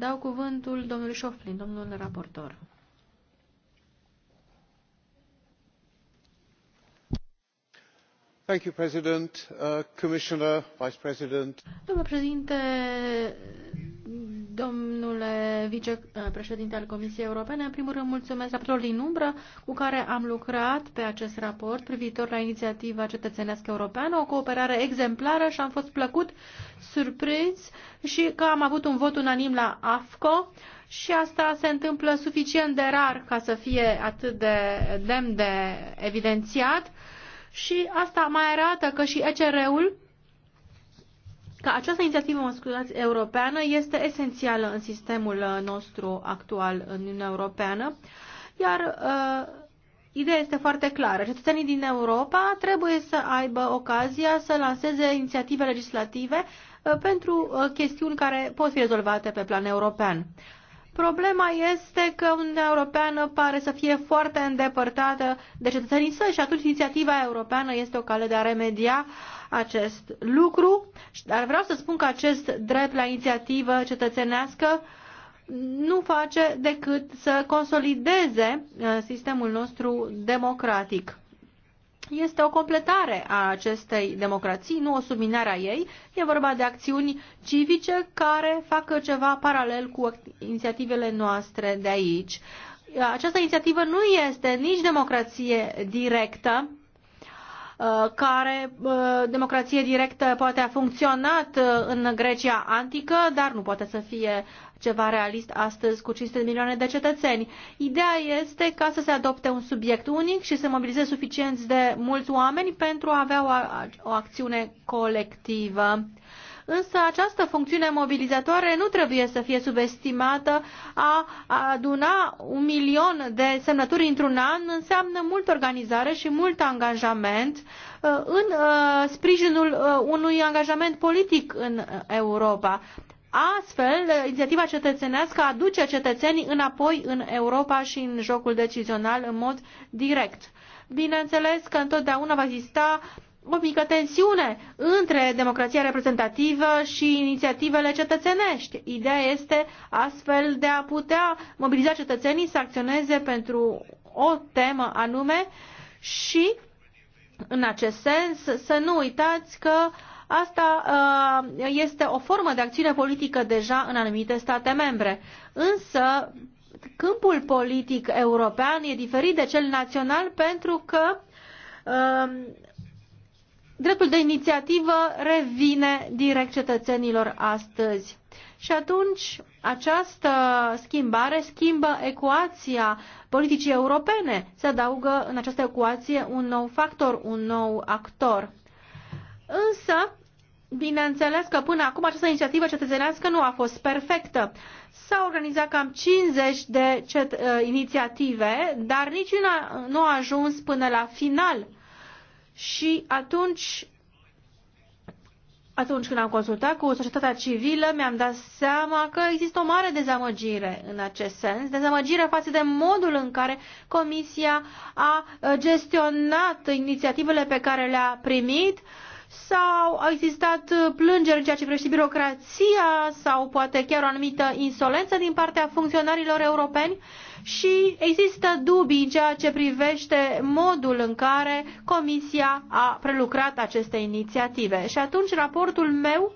Dau cuvântul domnului Șoflin, domnul raportor. Thank you, President, uh, Commissioner, Vice President. Domnule președinte, domnule vicepreședinte eh, al Comisiei Europene. În primul rând, mulțumesc raportorului din umbră cu care am lucrat pe acest raport privitor la inițiativa cetățenească europeană, o cooperare exemplară și am fost plăcut, surprins și că am avut un vot unanim la AFCO și asta se întâmplă suficient de rar ca să fie atât de demn de evidențiat și asta mai arată că și ECR-ul că această inițiativă mă scuzați, europeană este esențială în sistemul uh, nostru actual în Uniunea Europeană, iar uh, Ideea este foarte clară. Cetățenii din Europa trebuie să aibă ocazia să lanseze inițiative legislative uh, pentru uh, chestiuni care pot fi rezolvate pe plan european. Problema este că Uniunea Europeană pare să fie foarte îndepărtată de cetățenii săi și atunci inițiativa europeană este o cale de a remedia uh, acest lucru, dar vreau să spun că acest drept la inițiativă cetățenească nu face decât să consolideze uh, sistemul nostru democratic. Este o completare a acestei democrații, nu o subminare a ei. E vorba de acțiuni civice care fac ceva paralel cu inițiativele noastre de aici. Această inițiativă nu este nici democrație directă, Uh, care uh, democrație directă poate a funcționat uh, în Grecia antică, dar nu poate să fie ceva realist astăzi cu 500 de milioane de cetățeni. Ideea este ca să se adopte un subiect unic și să mobilizeze suficienți de mulți oameni pentru a avea o, o acțiune colectivă însă această funcțiune mobilizatoare nu trebuie să fie subestimată. A aduna un milion de semnături într-un an înseamnă multă organizare și mult angajament uh, în uh, sprijinul uh, unui angajament politic în Europa. Astfel, inițiativa cetățenească aduce cetățenii înapoi în Europa și în jocul decizional în mod direct. Bineînțeles că întotdeauna va exista o mică tensiune între democrația reprezentativă și inițiativele cetățenești. Ideea este astfel de a putea mobiliza cetățenii să acționeze pentru o temă anume și, în acest sens, să nu uitați că asta uh, este o formă de acțiune politică deja în anumite state membre. Însă, câmpul politic european e diferit de cel național pentru că uh, dreptul de inițiativă revine direct cetățenilor astăzi. Și atunci această schimbare schimbă ecuația politicii europene. Se adaugă în această ecuație un nou factor, un nou actor. Însă, bineînțeles că până acum această inițiativă cetățenească nu a fost perfectă. S-au organizat cam 50 de cet- ă, inițiative, dar niciuna nu a ajuns până la final și atunci atunci când am consultat cu societatea civilă, mi-am dat seama că există o mare dezamăgire în acest sens, dezamăgire față de modul în care Comisia a gestionat inițiativele pe care le-a primit uh, sau au existat uh, plângeri în ceea ce privește birocrația sau poate chiar o anumită insolență din partea funcționarilor europeni și există dubii în ceea ce privește modul în care Comisia a prelucrat aceste inițiative. Și atunci raportul meu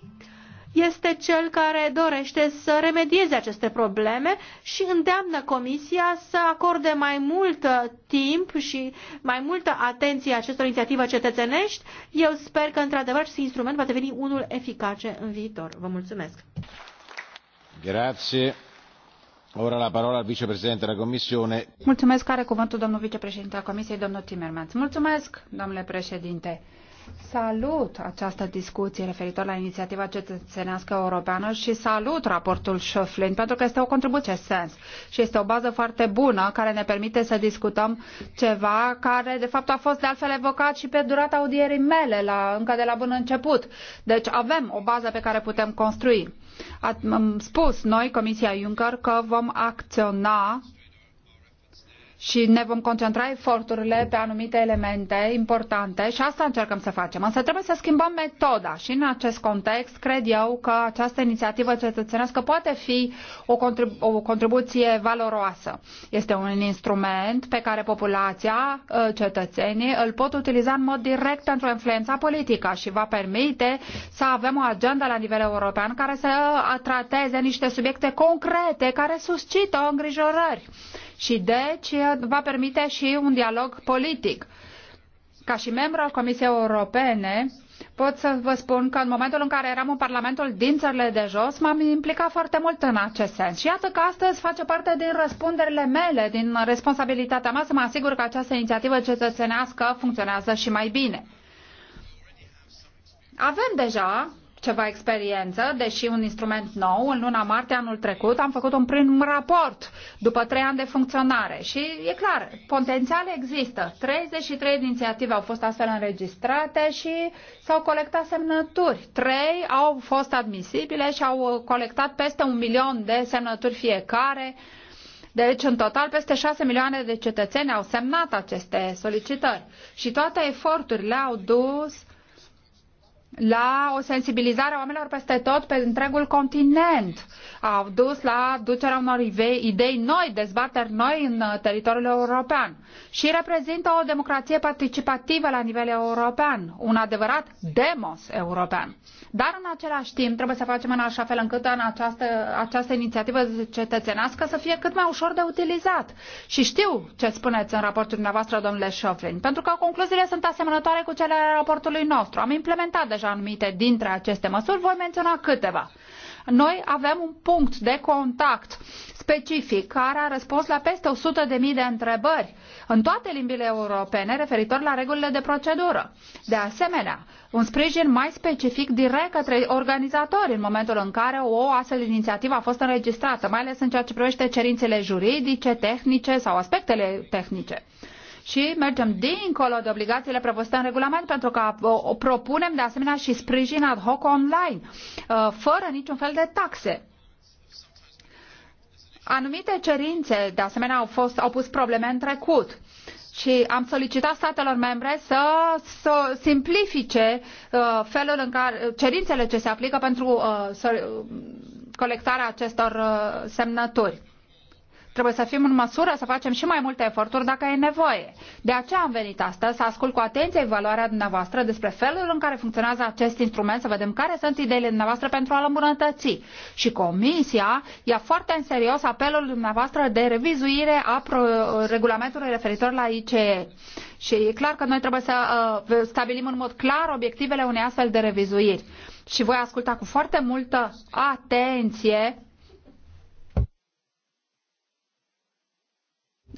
este cel care dorește să remedieze aceste probleme și îndeamnă Comisia să acorde mai mult uh, timp și mai multă atenție acestor inițiative cetățenești. Eu sper că, într-adevăr, acest instrument va deveni unul eficace în viitor. Vă mulțumesc! Grazie. Ora la parola al vicepreședinte della Commissione. Mulțumesc, are cuvântul domnul vicepreședinte al Comisiei, domnul Timmermans. Mulțumesc, domnule președinte. Salut această discuție referitor la inițiativa cetățenească europeană și salut raportul Schöflin pentru că este o contribuție sens și este o bază foarte bună care ne permite să discutăm ceva care de fapt a fost de altfel evocat și pe durata audierii mele la, încă de la bun început. Deci avem o bază pe care putem construi. Am spus noi, Comisia Juncker, că vom acționa și ne vom concentra eforturile pe anumite elemente importante și asta încercăm să facem. Însă trebuie să schimbăm metoda și în acest context cred eu că această inițiativă cetățenească poate fi o, contribu- o contribuție valoroasă. Este un instrument pe care populația, ă, cetățenii îl pot utiliza în mod direct pentru influența politică și va permite să avem o agenda la nivel european care să trateze niște subiecte concrete care suscită îngrijorări și deci va permite și un dialog politic. Ca și membru al Comisiei Europene, pot să vă spun că în momentul în care eram în Parlamentul din țările de jos, m-am implicat foarte mult în acest sens. Și iată că astăzi face parte din răspunderile mele, din responsabilitatea mea să mă asigur că această inițiativă cetățenească funcționează și mai bine. Avem deja ceva experiență, deși un instrument nou. În luna martie anul trecut am făcut un prim raport după trei ani de funcționare și e clar, potențial există. 33 inițiative au fost astfel înregistrate și s-au colectat semnături. Trei au fost admisibile și au colectat peste un milion de semnături fiecare. Deci, în total, peste 6 milioane de cetățeni au semnat aceste solicitări și toate eforturile au dus la o sensibilizare a oamenilor peste tot pe întregul continent. Au dus la ducerea unor idei noi, dezbateri noi în teritoriul european și reprezintă o democrație participativă la nivel european, un adevărat demos european. Dar în același timp trebuie să facem în așa fel încât în această, această inițiativă cetățenească să fie cât mai ușor de utilizat. Și știu ce spuneți în raportul dumneavoastră, domnule Șofrin, pentru că concluziile sunt asemănătoare cu cele ale raportului nostru. Am implementat deja anumite dintre aceste măsuri, voi menționa câteva. Noi avem un punct de contact specific care a răspuns la peste 100.000 de întrebări în toate limbile europene referitor la regulile de procedură. De asemenea, un sprijin mai specific direct către organizatori în momentul în care o astfel de inițiativă a fost înregistrată, mai ales în ceea ce privește cerințele juridice, tehnice sau aspectele tehnice. Și mergem dincolo de obligațiile prevăzute în regulament pentru că o propunem de asemenea și sprijin ad hoc online, uh, fără niciun fel de taxe. Anumite cerințe, de asemenea, au, fost, au pus probleme în trecut și am solicitat statelor membre să, să simplifice uh, felul în care cerințele ce se aplică pentru uh, să, uh, colectarea acestor uh, semnături. Trebuie să fim în măsură să facem și mai multe eforturi dacă e nevoie. De aceea am venit astăzi să ascult cu atenție evaluarea dumneavoastră despre felul în care funcționează acest instrument, să vedem care sunt ideile dumneavoastră pentru a-l îmbunătăți. Și Comisia ia foarte în serios apelul dumneavoastră de revizuire a regulamentului referitor la ICE. Și e clar că noi trebuie să uh, stabilim în mod clar obiectivele unei astfel de revizuiri. Și voi asculta cu foarte multă atenție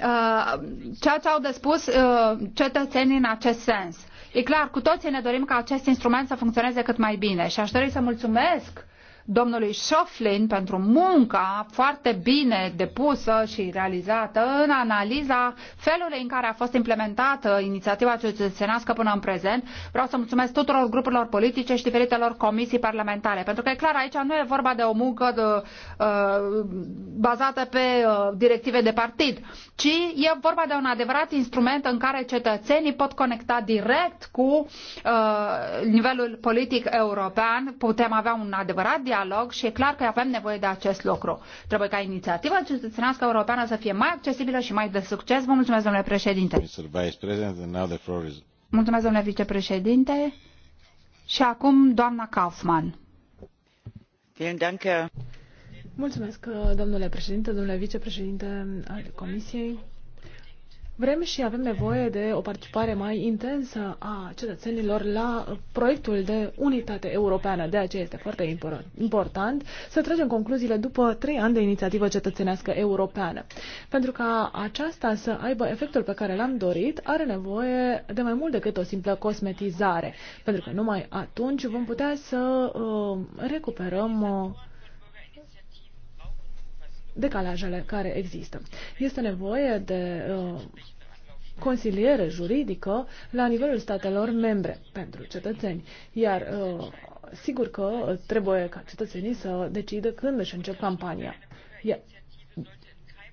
Uh, ceea ce au de spus uh, cetățenii în acest sens. E clar, cu toții ne dorim ca acest instrument să funcționeze cât mai bine și aș dori să mulțumesc domnului Schoflin pentru munca foarte bine depusă și realizată în analiza felului în care a fost implementată inițiativa cetățenească până în prezent. Vreau să mulțumesc tuturor grupurilor politice și diferitelor comisii parlamentare, pentru că e clar aici nu e vorba de o muncă de, uh, bazată pe uh, directive de partid, ci e vorba de un adevărat instrument în care cetățenii pot conecta direct cu uh, nivelul politic european, putem avea un adevărat dialog și e clar că avem nevoie de acest lucru. Trebuie ca inițiativa cetățenească europeană să fie mai accesibilă și mai de succes. Vă mulțumesc, domnule președinte. Mulțumesc, domnule vicepreședinte. Și acum, doamna Kaufmann. Mulțumesc, domnule președinte, domnule vicepreședinte al Comisiei. Vrem și avem nevoie de o participare mai intensă a cetățenilor la proiectul de unitate europeană. De aceea este foarte important să tragem concluziile după trei ani de inițiativă cetățenească europeană. Pentru ca aceasta să aibă efectul pe care l-am dorit, are nevoie de mai mult decât o simplă cosmetizare. Pentru că numai atunci vom putea să uh, recuperăm uh, decalajele care există. Este nevoie de uh, consiliere juridică la nivelul statelor membre pentru cetățeni, iar uh, sigur că trebuie ca cetățenii să decidă când își încep campania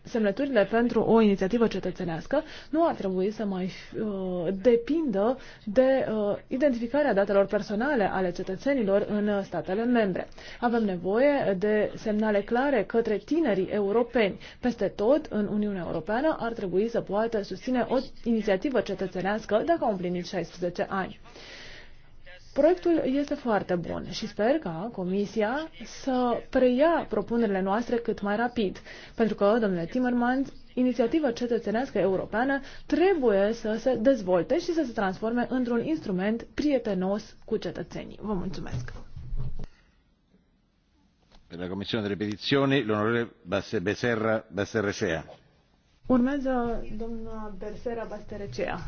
semnăturile pentru o inițiativă cetățenească nu ar trebui să mai uh, depindă de uh, identificarea datelor personale ale cetățenilor în statele membre. Avem nevoie de semnale clare către tinerii europeni. Peste tot, în Uniunea Europeană, ar trebui să poată susține o inițiativă cetățenească dacă au împlinit 16 ani. Proiectul este foarte bun și sper ca Comisia să preia propunerile noastre cât mai rapid, pentru că, domnule Timmermans, inițiativa cetățenească europeană trebuie să se dezvolte și să se transforme într-un instrument prietenos cu cetățenii. Vă mulțumesc! Pentru la de Repetizioni, l'onorevole Becerra Becerrecea. Urmează doamna Bersera Basterecea.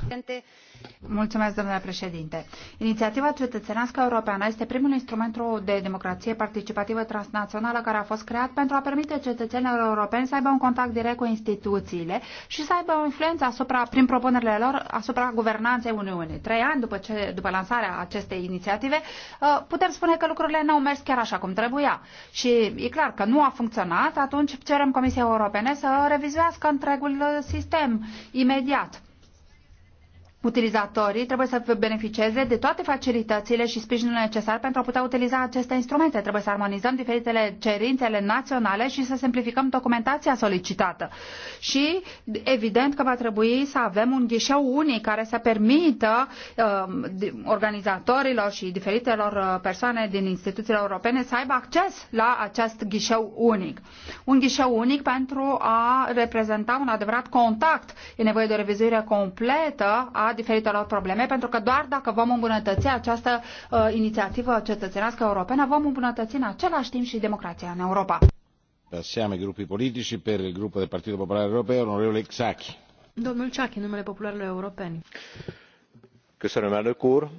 Mulțumesc, domnule președinte. Inițiativa cetățenească europeană este primul instrument de democrație participativă transnațională care a fost creat pentru a permite cetățenilor europeni să aibă un contact direct cu instituțiile și să aibă o influență asupra, prin propunerile lor asupra guvernanței Uniunii. Trei ani după, ce, după lansarea acestei inițiative, ă, putem spune că lucrurile nu au mers chiar așa cum trebuia. Și e clar că nu a funcționat, atunci cerem Comisiei Europene să revizuiască întregul Uh, sistem imediat utilizatorii trebuie să beneficieze de toate facilitățile și sprijinul necesar pentru a putea utiliza aceste instrumente. Trebuie să armonizăm diferitele cerințele naționale și să simplificăm documentația solicitată. Și evident că va trebui să avem un ghișeu unic care să permită uh, organizatorilor și diferitelor uh, persoane din instituțiile europene să aibă acces la acest ghișeu unic. Un ghișeu unic pentru a reprezenta un adevărat contact. E nevoie de o revizuire completă a rezolvat diferitelor probleme, pentru că doar dacă vom îmbunătăți această uh, inițiativă cetățenească europeană, vom îmbunătăți în același timp și democrația în Europa. Passiamo ai gruppi politici per il gruppo del Partito Popolare Europeo, onorevole Xachi. Domnul Ciachi, numele popularilor europeni. Köszönöm, elnök úr.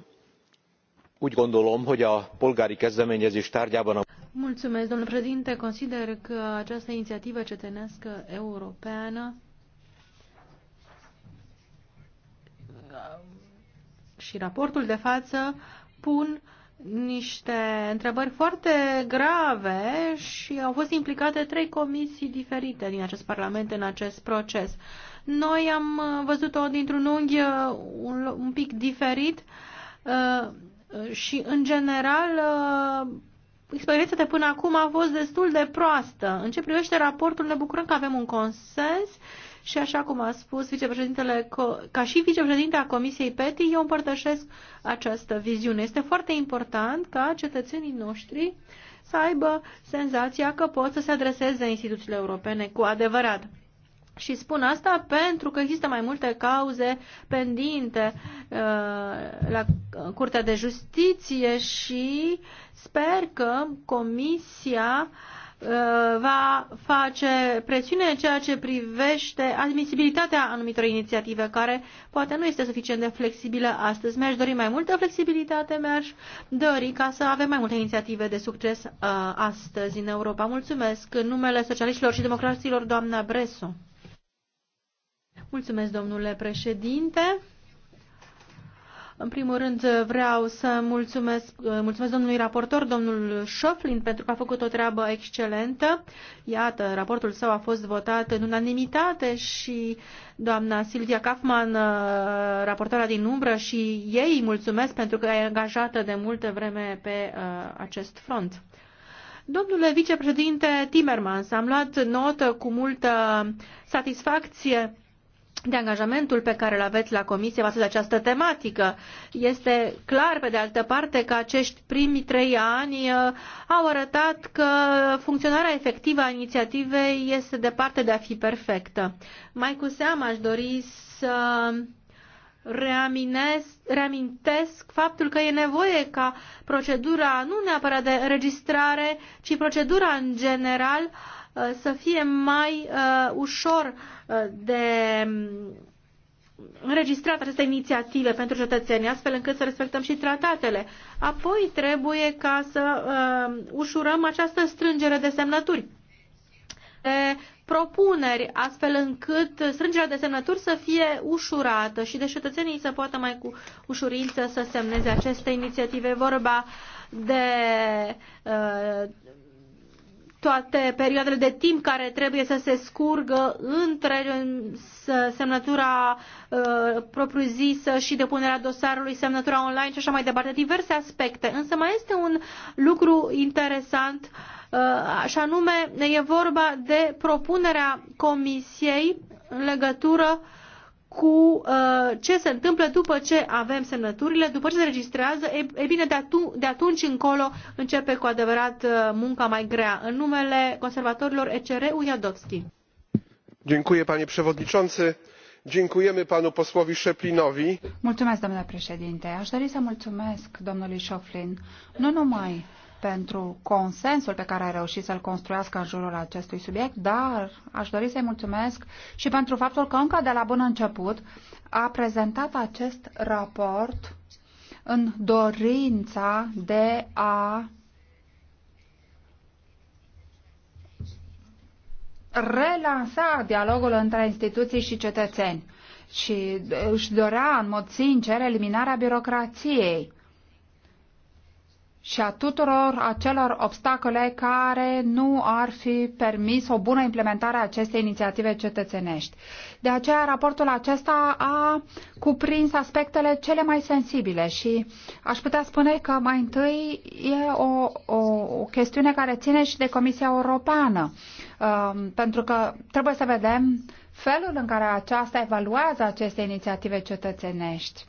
Úgy gondolom, hogy a polgári kezdeményezés tárgyában a... Mulțumesc, domnule președinte. Consider că această inițiativă cetenească europeană Um, și raportul de față pun niște întrebări foarte grave și au fost implicate trei comisii diferite din acest Parlament în acest proces. Noi am văzut-o dintr-un unghi uh, un, un pic diferit uh, și, în general, uh, experiența de până acum a fost destul de proastă. În ce privește raportul, ne bucurăm că avem un consens și așa cum a spus vicepreședintele, ca și vicepreședinte a Comisiei PETI, eu împărtășesc această viziune. Este foarte important ca cetățenii noștri să aibă senzația că pot să se adreseze instituțiile europene cu adevărat. Și spun asta pentru că există mai multe cauze pendinte uh, la Curtea de Justiție și sper că Comisia uh, Uh, va face presiune în ceea ce privește admisibilitatea anumitor inițiative, care poate nu este suficient de flexibilă astăzi. Mi-aș dori mai multă flexibilitate, mi-aș dori ca să avem mai multe inițiative de succes uh, astăzi în Europa. Mulțumesc în numele socialiștilor și democraților, doamna Bresu. Mulțumesc, domnule președinte. În primul rând vreau să mulțumesc, uh, mulțumesc domnului raportor, domnul Șoflin, pentru că a făcut o treabă excelentă. Iată, raportul său a fost votat în unanimitate și doamna Silvia Kaufman, uh, raportoarea din umbră, și ei mulțumesc pentru că e angajată de multă vreme pe uh, acest front. Domnule vicepreședinte Timmermans, am luat notă cu multă satisfacție de angajamentul pe care îl aveți la Comisie față de această tematică. Este clar, pe de altă parte, că acești primi trei ani uh, au arătat că funcționarea efectivă a inițiativei este departe de a fi perfectă. Mai cu seamă aș dori să reamintesc faptul că e nevoie ca procedura, nu neapărat de registrare, ci procedura în general, Uh, să fie mai uh, ușor uh, de um, înregistrat aceste inițiative pentru cetățenii, astfel încât să respectăm și tratatele. Apoi trebuie ca să uh, ușurăm această strângere de semnături. De propuneri, astfel încât strângerea de semnături să fie ușurată și de cetățenii să poată mai cu ușurință să semneze aceste inițiative. Vorba de uh, toate perioadele de timp care trebuie să se scurgă între semnătura uh, propriu-zisă și depunerea dosarului, semnătura online și așa mai departe, diverse aspecte. Însă mai este un lucru interesant, uh, și anume e vorba de propunerea Comisiei în legătură uh, cu uh, ce se întâmplă după ce avem semnăturile, după ce se registrează, e, e bine, de, atu- de atunci încolo începe cu adevărat uh, munca mai grea. În numele conservatorilor ECR, Ujadovski. Dziękuję, panie przewodniczący. Dziękujemy panu posłowi Szeplinowi. Mulțumesc, domnule președinte. Aș dori să mulțumesc domnului Șoflin, nu numai pentru consensul pe care a reușit să-l construiască în jurul acestui subiect, dar aș dori să-i mulțumesc și pentru faptul că încă de la bun început a prezentat acest raport în dorința de a relansa dialogul între instituții și cetățeni și își dorea în mod sincer eliminarea birocrației și a tuturor acelor obstacole care nu ar fi permis o bună implementare a acestei inițiative cetățenești. De aceea, raportul acesta a cuprins aspectele cele mai sensibile și aș putea spune că mai întâi e o, o, o chestiune care ține și de Comisia Europeană, um, pentru că trebuie să vedem felul în care aceasta evaluează aceste inițiative cetățenești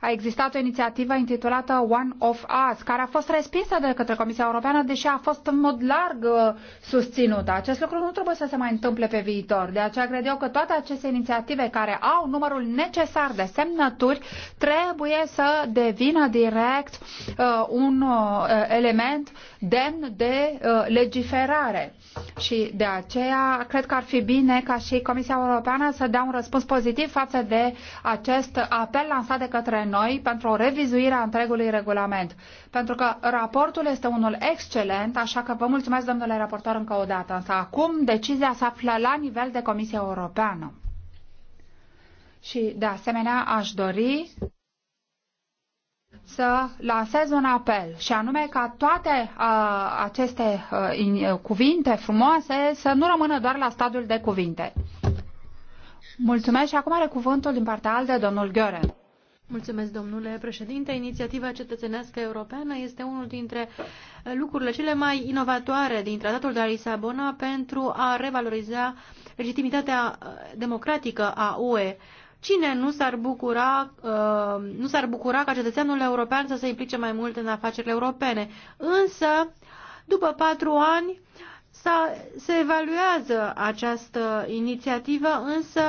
a existat o inițiativă intitulată One of Us, care a fost respinsă de către Comisia Europeană, deși a fost în mod larg uh, susținută. Acest lucru nu trebuie să se mai întâmple pe viitor. De aceea cred eu că toate aceste inițiative care au numărul necesar de semnături trebuie să devină direct uh, un uh, element demn de uh, legiferare. Și de aceea cred că ar fi bine ca și Comisia Europeană să dea un răspuns pozitiv față de acest apel lansat de către noi pentru o revizuire a întregului regulament. Pentru că raportul este unul excelent, așa că vă mulțumesc, domnule raportor, încă o dată. Însă acum decizia se află la nivel de Comisia Europeană. Și de asemenea aș dori să lansez un apel și anume ca toate uh, aceste uh, in, uh, cuvinte frumoase să nu rămână doar la stadiul de cuvinte. Mulțumesc și acum are cuvântul din partea ALDE, domnul Gheoren. Mulțumesc, domnule președinte. Inițiativa cetățenească europeană este unul dintre uh, lucrurile cele mai inovatoare din Tratatul de la Lisabona pentru a revaloriza legitimitatea uh, democratică a UE. Cine nu s-ar bucura, uh, nu s-ar bucura ca cetățeanul european să se implice mai mult în afacerile europene? Însă, după patru ani, se evaluează această inițiativă, însă,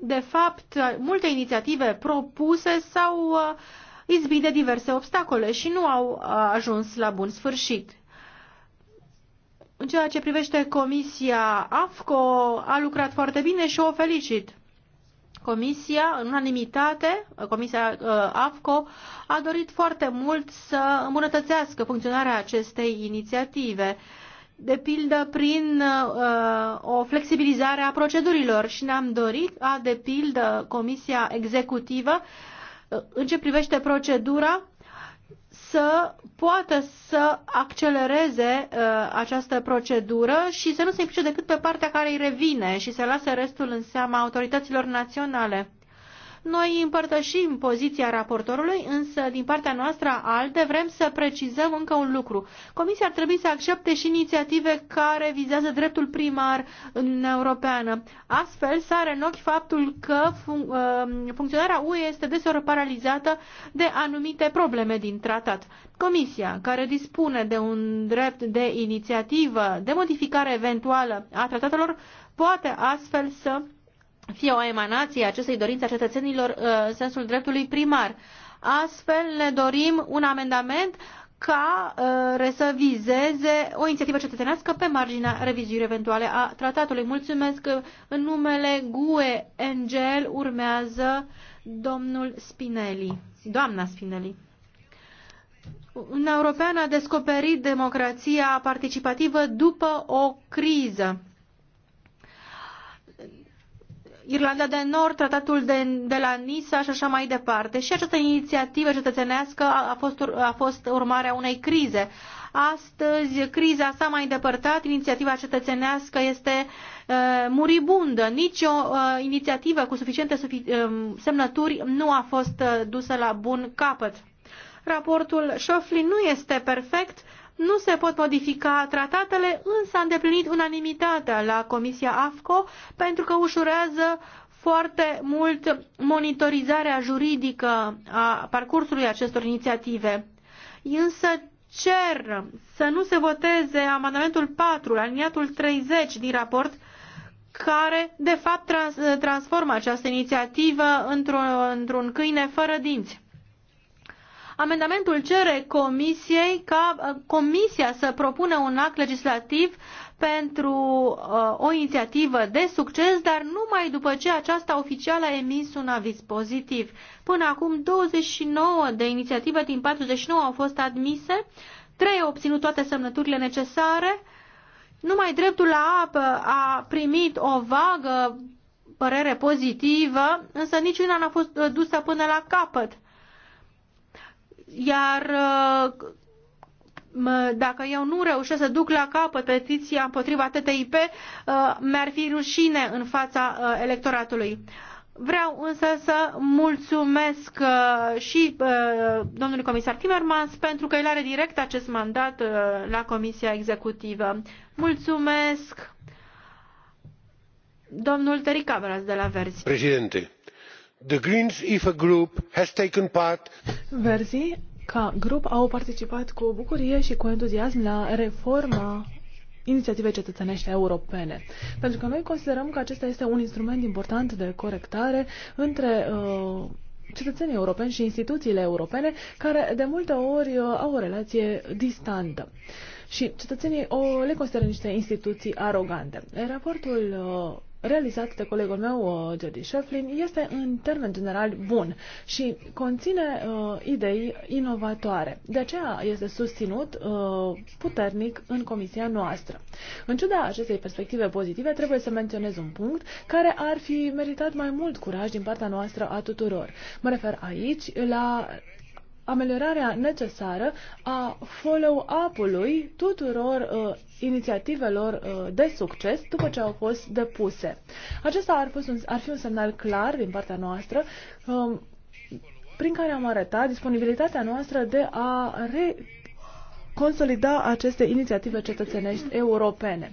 de fapt, multe inițiative propuse s-au uh, izbit de diverse obstacole și nu au uh, ajuns la bun sfârșit. În ceea ce privește comisia AFCO, a lucrat foarte bine și o felicit. Comisia, în unanimitate, Comisia uh, AFCO, a dorit foarte mult să îmbunătățească funcționarea acestei inițiative de pildă prin uh, o flexibilizare a procedurilor și ne-am dorit a, de pildă, Comisia Executivă, uh, în ce privește procedura să poată să accelereze uh, această procedură și să nu se implice decât pe partea care îi revine și să lase restul în seama autorităților naționale. Noi împărtășim poziția raportorului, însă din partea noastră alte vrem să precizăm încă un lucru. Comisia ar trebui să accepte și inițiative care vizează dreptul primar în Uniunea Europeană. Astfel, sare în ochi faptul că fun- um, funcționarea UE este deseori paralizată de anumite probleme din tratat. Comisia, care dispune de un drept de inițiativă, de modificare eventuală a tratatelor, poate astfel să fie o emanație a acestei dorințe a cetățenilor uh, în sensul dreptului primar. Astfel ne dorim un amendament ca uh, să vizeze o inițiativă cetățenească pe marginea revizuirii eventuale a tratatului. Mulțumesc că uh, în numele GUE Angel urmează domnul Spinelli, doamna Spinelli. Uniunea Europeană a descoperit democrația participativă după o criză Irlanda de Nord, tratatul de, de la Nisa și așa mai departe. Și această inițiativă cetățenească a fost, a fost urmarea unei crize. Astăzi criza s-a mai îndepărtat, inițiativa cetățenească este uh, muribundă. Nici o uh, inițiativă cu suficiente sufi, uh, semnături nu a fost dusă la bun capăt. Raportul Șoflin nu este perfect, nu se pot modifica tratatele, însă a îndeplinit unanimitatea la Comisia AFCO pentru că ușurează foarte mult monitorizarea juridică a parcursului acestor inițiative. Însă cer să nu se voteze amendamentul 4, aliniatul 30 din raport, care de fapt trans transformă această inițiativă într-un într câine fără dinți. Amendamentul cere Comisiei ca uh, Comisia să propună un act legislativ pentru uh, o inițiativă de succes, dar numai după ce aceasta oficial a emis un aviz pozitiv. Până acum, 29 de inițiative din 49 au fost admise, 3 au obținut toate semnăturile necesare, numai dreptul la apă a primit o vagă părere pozitivă, însă niciuna n-a fost uh, dusă până la capăt. Iar uh, dacă eu nu reușesc să duc la capăt petiția împotriva TTIP, uh, mi-ar fi rușine în fața uh, electoratului. Vreau însă să mulțumesc și domnului comisar Timmermans pentru că el are direct acest mandat la Comisia Executivă. Mulțumesc! Domnul Teric Averas de la Verzi. Președinte, the greens group has taken part Verzi, ca grup au participat cu bucurie și cu entuziasm la reforma inițiativei cetățenești europene. Pentru că noi considerăm că acesta este un instrument important de corectare între uh, cetățenii europeni și instituțiile europene, care de multe ori uh, au o relație distantă. Și cetățenii o, le consideră niște instituții arogante. Raportul uh, realizat de colegul meu, uh, Jody Shefflin, este în termen general bun și conține uh, idei inovatoare. De aceea este susținut uh, puternic în comisia noastră. În ciuda acestei perspective pozitive, trebuie să menționez un punct care ar fi meritat mai mult curaj din partea noastră a tuturor. Mă refer aici la ameliorarea necesară a follow-up-ului tuturor uh, inițiativelor uh, de succes după ce au fost depuse. Acesta ar, fost un, ar fi un semnal clar din partea noastră um, prin care am arătat disponibilitatea noastră de a re consolida aceste inițiative cetățenești europene.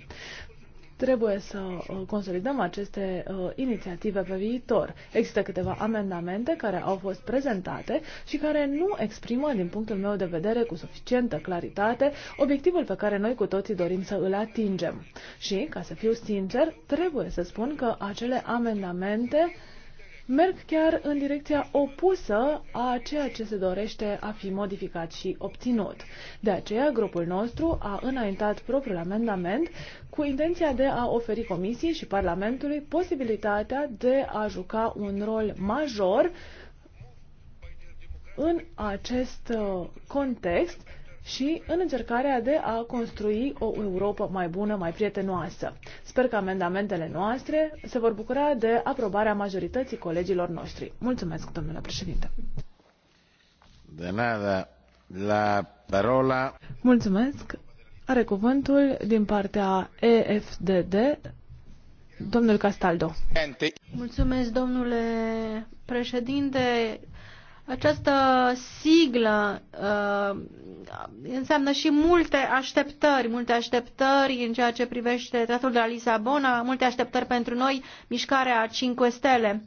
Trebuie să uh, consolidăm aceste uh, inițiative pe viitor. Există câteva amendamente care au fost prezentate și care nu exprimă, din punctul meu de vedere, cu suficientă claritate, obiectivul pe care noi cu toții dorim să îl atingem. Și, ca să fiu sincer, trebuie să spun că acele amendamente uh, merg chiar în direcția opusă a ceea ce se dorește a fi modificat și obținut. De aceea, grupul nostru a înaintat propriul amendament cu intenția de a oferi Comisiei și Parlamentului posibilitatea de a juca un rol major în acest uh, context și în încercarea de a construi o Europa mai bună, mai prietenoasă. Sper că amendamentele noastre se vor bucura de aprobarea majorității colegilor noștri. Mulțumesc, domnule președinte. De nada. La parola. Mulțumesc. Are cuvântul din partea EFDD Domnul Castaldo. Mulțumesc, domnule președinte. Această siglă uh, înseamnă și multe așteptări, multe așteptări în ceea ce privește tratatul de la Lisabona, multe așteptări pentru noi, mișcarea 5 stele.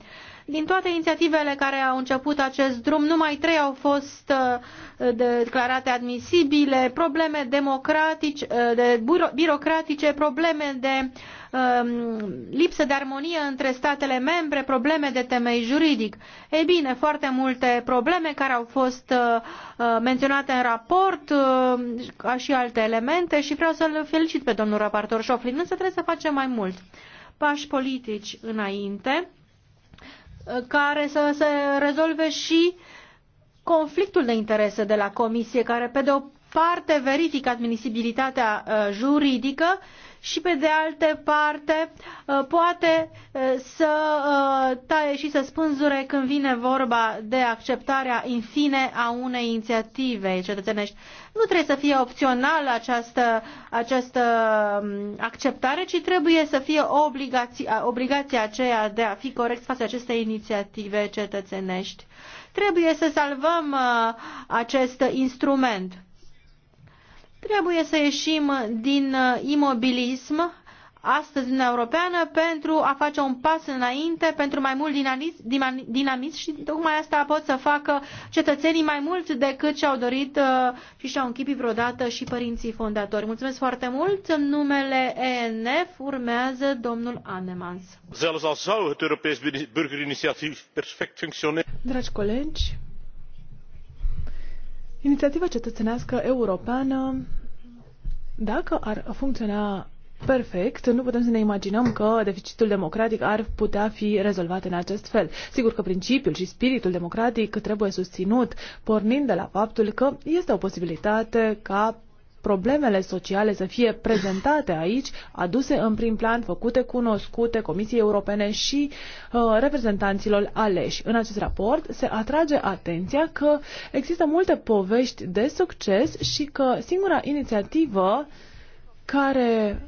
Din toate inițiativele care au început acest drum, numai trei au fost uh, declarate admisibile, probleme democratice, uh, de birocratice, probleme de uh, Um, lipsă de armonie între statele membre, probleme de temei juridic. Ei bine, foarte multe probleme care au fost uh, uh, menționate în raport, uh, ca și alte elemente și vreau să-l felicit pe domnul raportor Șoflin, însă trebuie să facem mai mult. Pași politici înainte care să se rezolve și conflictul de interese de la Comisie, care pe de o parte verifică admisibilitatea juridică și pe de altă parte uh, poate uh, să uh, taie și să spânzure când vine vorba de acceptarea în fine a unei inițiative cetățenești. Nu trebuie să fie opțională această, această um, acceptare, ci trebuie să fie obligația, obligația aceea de a fi corect față acestei inițiative cetățenești. Trebuie să salvăm acest instrument Trebuie să ieșim din uh, imobilism astăzi în Europeană pentru a face un pas înainte, pentru mai mult dinamism, dinamism și tocmai asta pot să facă cetățenii mai mult decât și-au dorit uh, și și-au închipit vreodată și părinții fondatori. Mulțumesc foarte mult. În numele ENF urmează domnul Anemans. perfect Dragi colegi, Inițiativa cetățenească europeană, dacă ar funcționa Perfect. Nu putem să ne imaginăm că deficitul democratic ar putea fi rezolvat în acest fel. Sigur că principiul și spiritul democratic trebuie susținut, pornind de la faptul că este o posibilitate ca problemele sociale să fie prezentate aici, aduse în prim plan, făcute cunoscute Comisiei Europene și uh, reprezentanților aleși. În acest raport se atrage atenția că există multe povești de succes și că singura inițiativă care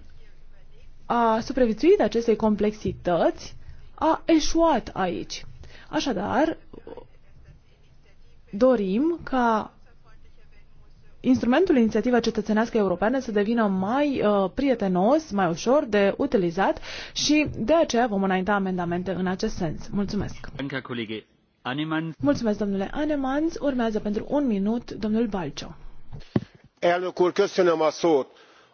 a supraviețuit acestei complexități a eșuat aici. Așadar, dorim ca instrumentul inițiativă cetățenească europeană să devină mai uh, prietenos, mai ușor de utilizat și de aceea vom înainta amendamente în acest sens. Mulțumesc! Mulțumesc, domnule Anemans. Urmează pentru un minut domnul Balcio. Elnök úr, köszönöm a szót.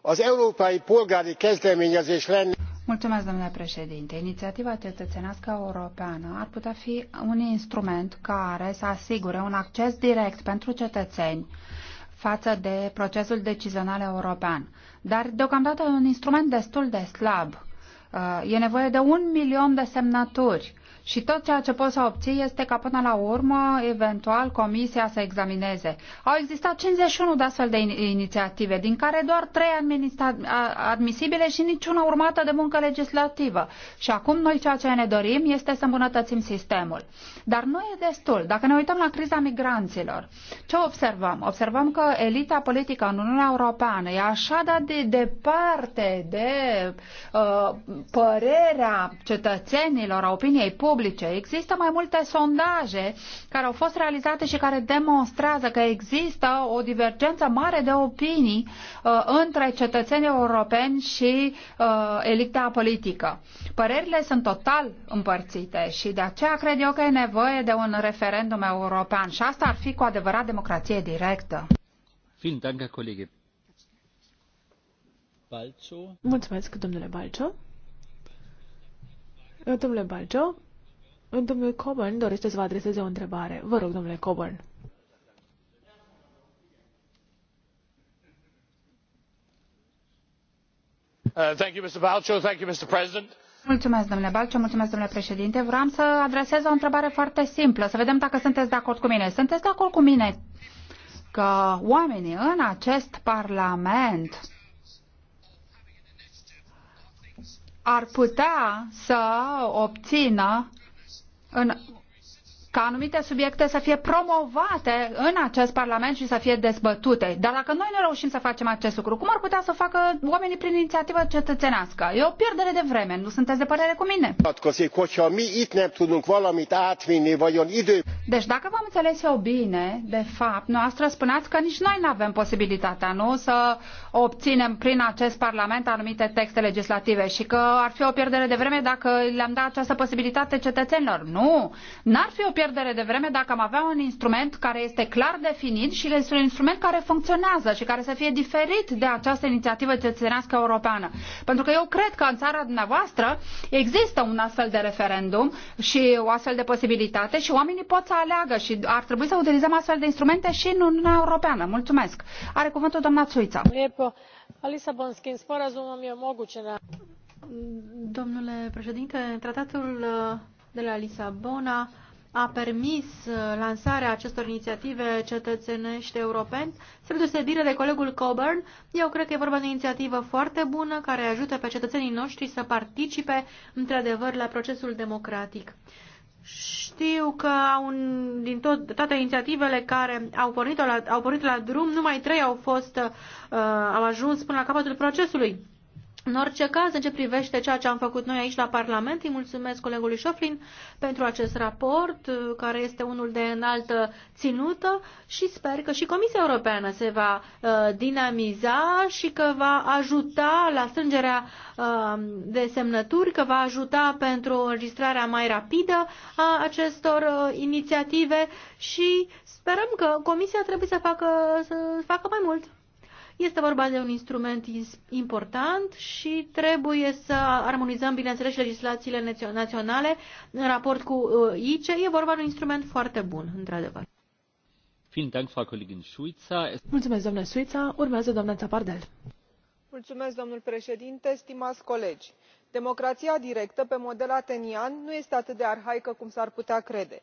Az európai polgári kezdeményezés lenne... Mulțumesc, domnule președinte. Inițiativa cetățenească europeană ar putea fi un instrument care să asigure un acces direct pentru cetățeni față de procesul decizional european. Dar deocamdată e un instrument destul de slab. Uh, e nevoie de un milion de semnături și tot ceea ce poți să obții este ca până la urmă, eventual, comisia să examineze. Au existat 51 de astfel de inițiative, din care doar 3 admisibile și niciuna urmată de muncă legislativă. Și acum noi ceea ce ne dorim este să îmbunătățim sistemul. Dar nu e destul. Dacă ne uităm la criza migranților, ce observăm? Observăm că elita politică în Uniunea Europeană e așa de departe de uh, părerea cetățenilor, a opiniei publice, publice. Există mai multe sondaje care au fost realizate și care demonstrează că există o divergență mare de opinii uh, între cetățenii europeni și uh, elita politică. Părerile sunt total împărțite și de aceea cred eu că e nevoie de un referendum european și asta ar fi cu adevărat democrație directă. Vielen Dank, Herr Kollege. Balcio. Mulțumesc, domnule Balcio. Domnule Balcio, Domnul Coburn dorește să vă adreseze o întrebare. Vă rog, domnule Coburn. Uh, mulțumesc, domnule Balcio, mulțumesc domnule președinte vreau să adresez o întrebare foarte simplă să vedem dacă sunteți de acord cu mine sunteți de acord cu mine că oamenii în acest parlament ar putea să obțină în ca anumite subiecte să fie promovate în acest Parlament și să fie dezbătute. Dar dacă noi nu reușim să facem acest lucru, cum ar putea să facă oamenii prin inițiativă cetățenească? E o pierdere de vreme. Nu sunteți de părere cu mine? Deci dacă v-am înțeles eu bine, de fapt, noastră spuneați că nici noi nu avem posibilitatea, nu, să obținem prin acest Parlament anumite texte legislative și că ar fi o pierdere de vreme dacă le-am dat această posibilitate cetățenilor. Nu! N-ar fi o pierdere pierdere de vreme dacă am avea un instrument care este clar definit și este un instrument care funcționează și care să fie diferit de această inițiativă cetățenească europeană. Pentru că eu cred că în țara dumneavoastră există un astfel de referendum și o astfel de posibilitate și oamenii pot să aleagă și ar trebui să utilizăm astfel de instrumente și în Uniunea Europeană. Mulțumesc. Are cuvântul doamna Țuița. Domnule președinte, tratatul de la Lisabona a permis uh, lansarea acestor inițiative cetățenești europeni. Spre deosebire de colegul Coburn, eu cred că e vorba de o inițiativă foarte bună care ajută pe cetățenii noștri să participe într-adevăr la procesul democratic. Știu că un, din tot, toate inițiativele care au pornit, la, au pornit la drum, numai trei au fost, uh, au ajuns până la capătul procesului. În orice caz, în ce privește ceea ce am făcut noi aici la Parlament, îi mulțumesc colegului Șoflin pentru acest raport, care este unul de înaltă ținută și sper că și Comisia Europeană se va uh, dinamiza și că va ajuta la strângerea uh, de semnături, că va ajuta pentru înregistrarea mai rapidă a acestor uh, inițiative și sperăm că Comisia trebuie să facă, să facă mai mult. Este vorba de un instrument important și trebuie să armonizăm, bineînțeles, și legislațiile naționale în raport cu uh, ICE. E vorba de un instrument foarte bun, într-adevăr. Mulțumesc, doamna Suița. Urmează doamna Țapardel. Mulțumesc, domnul președinte, stimați colegi. Democrația directă pe model atenian nu este atât de arhaică cum s-ar putea crede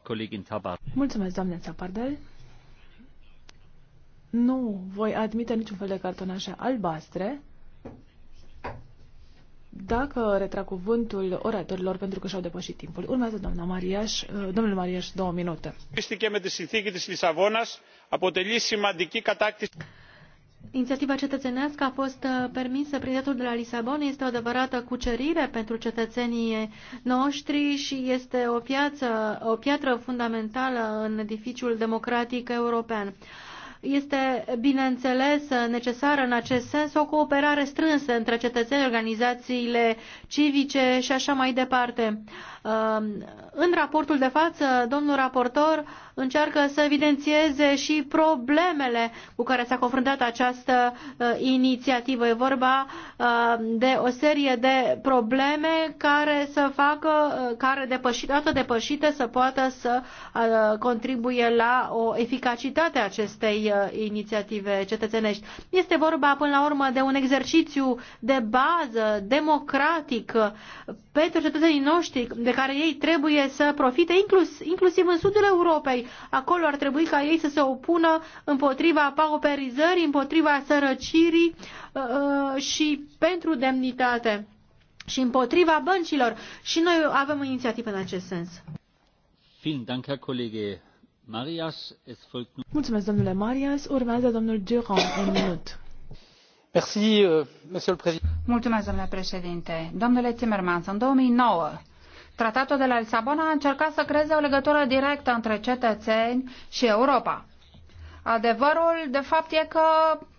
Mulțumesc, doamne Țapardel. Nu voi admite niciun fel de cartonașe albastre. Dacă retrag cuvântul oratorilor pentru că și-au depășit timpul. Urmează doamna Mariaș, uh, domnul Mariaș, două minute. Este με τη συνθήκη της Λισαβόνας αποτελεί Inițiativa cetățenească a fost uh, permisă prin dreptul de la Lisabona. Este o adevărată cucerire pentru cetățenii noștri și este o, piață, o piatră fundamentală în edificiul democratic european. Este, bineînțeles, necesară în acest sens o cooperare strânsă între cetățeni, organizațiile civice și așa mai departe. Um, în raportul de față, domnul raportor încearcă să evidențieze și problemele cu care s-a confruntat această uh, inițiativă. E vorba uh, de o serie de probleme care să facă, uh, care depășite, toate depășite, să poată să contribuie la o eficacitate a acestei Uh, inițiative cetățenești. Este vorba până la urmă de un exercițiu de bază democratic uh, pentru cetățenii noștri de care ei trebuie să profite, inclus, inclusiv în sudul Europei. Acolo ar trebui ca ei să se opună împotriva pauperizării, împotriva sărăcirii uh, și pentru demnitate și împotriva băncilor. Și noi avem o inițiativă în acest sens. Vielen Dank, Herr Kollege Marias, Mulțumesc, domnule Marias. Urmează domnul Durand, un minut. Merci, euh, monsieur le président. Mulțumesc, domnule președinte. Domnule Timmermans, în 2009, Tratatul de la Lisabona a încercat să creeze o legătură directă între cetățeni și Europa. Adevărul, de fapt, e că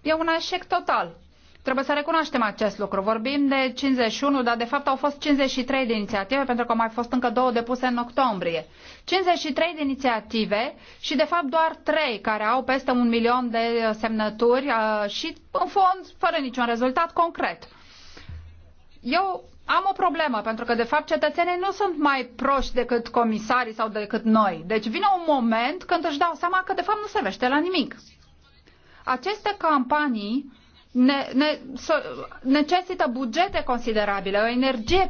e un eșec total. Trebuie să recunoaștem acest lucru. Vorbim de 51, dar de fapt au fost 53 de inițiative, pentru că au mai fost încă două depuse în octombrie. 53 de inițiative și de fapt doar 3 care au peste un milion de uh, semnături uh, și în fond fără niciun rezultat concret. Eu am o problemă, pentru că, de fapt, cetățenii nu sunt mai proști decât comisarii sau decât noi. Deci vine un moment când își dau seama că, de fapt, nu servește la nimic. Aceste campanii ne, ne, so, necesită bugete considerabile, o energie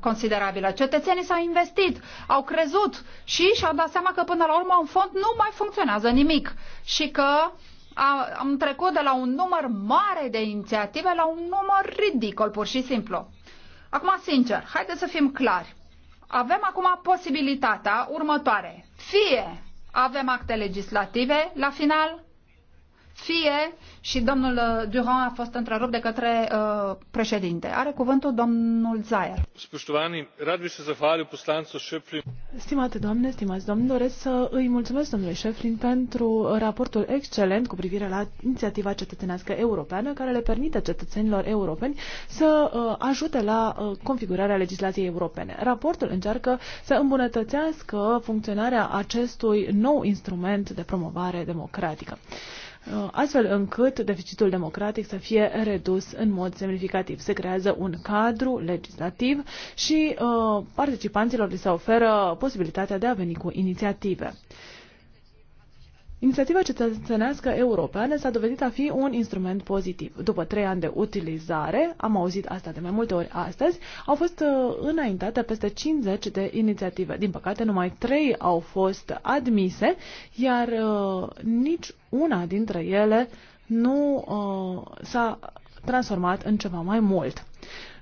considerabilă. Cetățenii s-au investit, au crezut și și-au dat seama că până la urmă în fond nu mai funcționează nimic și că a, am trecut de la un număr mare de inițiative la un număr ridicol, pur și simplu. Acum, sincer, haideți să fim clari. Avem acum posibilitatea următoare. Fie avem acte legislative la final, ție și domnul uh, Durand a fost întrerupt de către uh, președinte. Are cuvântul domnul Zaer. Stimate doamne, stimați domni, doresc să îi mulțumesc domnului Șeflin pentru raportul excelent cu privire la inițiativa cetățenească europeană care le permite cetățenilor europeni să uh, ajute la uh, configurarea legislației europene. Raportul încearcă să îmbunătățească funcționarea acestui nou instrument de promovare democratică. Uh, astfel încât deficitul democratic să fie redus în mod semnificativ. Se creează un cadru legislativ și uh, participanților li se oferă posibilitatea de a veni cu inițiative. Inițiativa cetățenească europeană s-a dovedit a fi un instrument pozitiv. După trei ani de utilizare, am auzit asta de mai multe ori astăzi, au fost uh, înaintate peste 50 de inițiative. Din păcate, numai trei au fost admise, iar uh, nici una dintre ele nu uh, s-a transformat în ceva mai mult.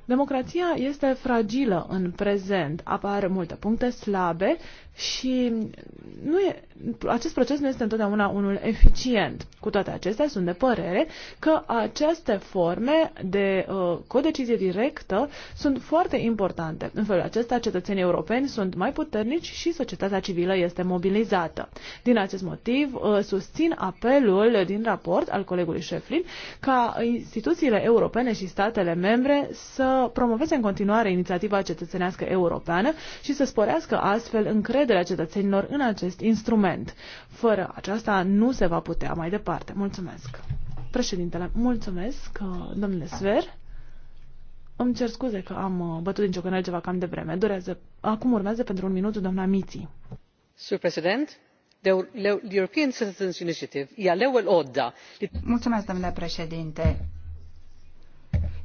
Democrația este fragilă în prezent, apar multe puncte slabe și nu e acest proces nu este întotdeauna unul eficient. Cu toate acestea, sunt de părere că aceste forme de uh, codecizie directă sunt foarte importante. În felul acesta, cetățenii europeni sunt mai puternici și societatea civilă este mobilizată. Din acest motiv, uh, susțin apelul din raport al colegului Șeflin ca instituțiile europene și statele membre să promoveze în continuare inițiativa cetățenească europeană și să sporească astfel încrederea cetățenilor în acest instrument instrument. Fără aceasta nu se va putea mai departe. Mulțumesc. Președintele, mulțumesc, uh, domnule Sver. Îmi cer scuze că am uh, bătut din ciocanel ceva cam de vreme. Durează. Acum urmează pentru un minut doamna Miții. Sir President, Mulțumesc, domnule președinte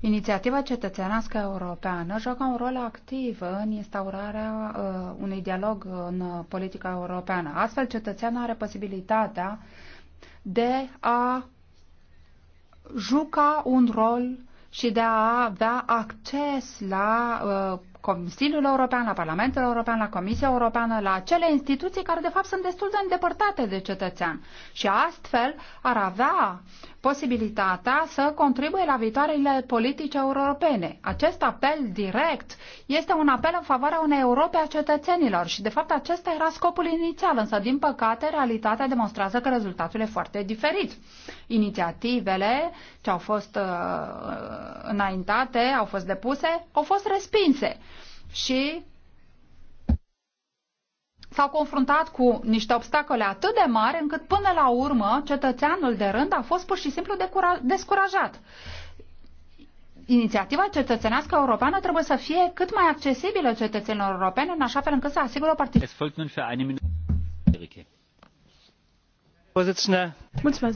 Inițiativa cetățenească europeană joacă un rol activ în instaurarea uh, unui dialog în politica europeană. Astfel, cetățeanul are posibilitatea de a juca un rol și de a avea acces la uh, Consiliul European, la Parlamentul European, la Comisia Europeană, la acele instituții care de fapt sunt destul de îndepărtate de cetățean. Și astfel ar avea posibilitatea să contribuie la viitoarele politici europene. Acest apel direct este un apel în favoarea unei Europe a cetățenilor și, de fapt, acesta era scopul inițial, însă, din păcate, realitatea demonstrează că rezultatul e foarte diferit. Inițiativele ce au fost uh, înaintate, au fost depuse, au fost respinse. Și s-au confruntat cu niște obstacole atât de mari încât până la urmă cetățeanul de rând a fost pur și simplu descurajat. Inițiativa cetățenească europeană trebuie să fie cât mai accesibilă cetățenilor europene, în așa fel încât să asigure o participare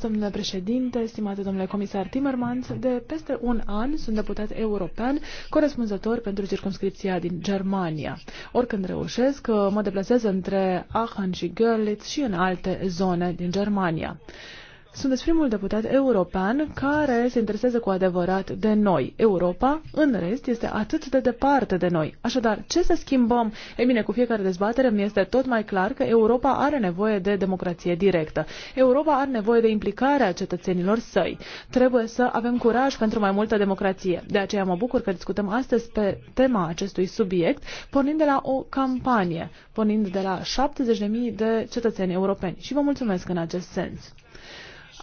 domnule președinte, stimate domnule comisar Timmermans. De peste un an sunt deputat european, corespunzător pentru circumscripția din Germania. Oricând reușesc, mă deplasez între Aachen și Görlitz și în alte zone din Germania. Sunteți primul deputat european care se interesează cu adevărat de noi. Europa, în rest, este atât de departe de noi. Așadar, ce să schimbăm? E bine, cu fiecare dezbatere mi este tot mai clar că Europa are nevoie de democrație directă. Europa are nevoie de implicarea cetățenilor săi. Trebuie să avem curaj pentru mai multă democrație. De aceea mă bucur că discutăm astăzi pe tema acestui subiect, pornind de la o campanie, pornind de la 70.000 de cetățeni europeni. Și vă mulțumesc în acest sens.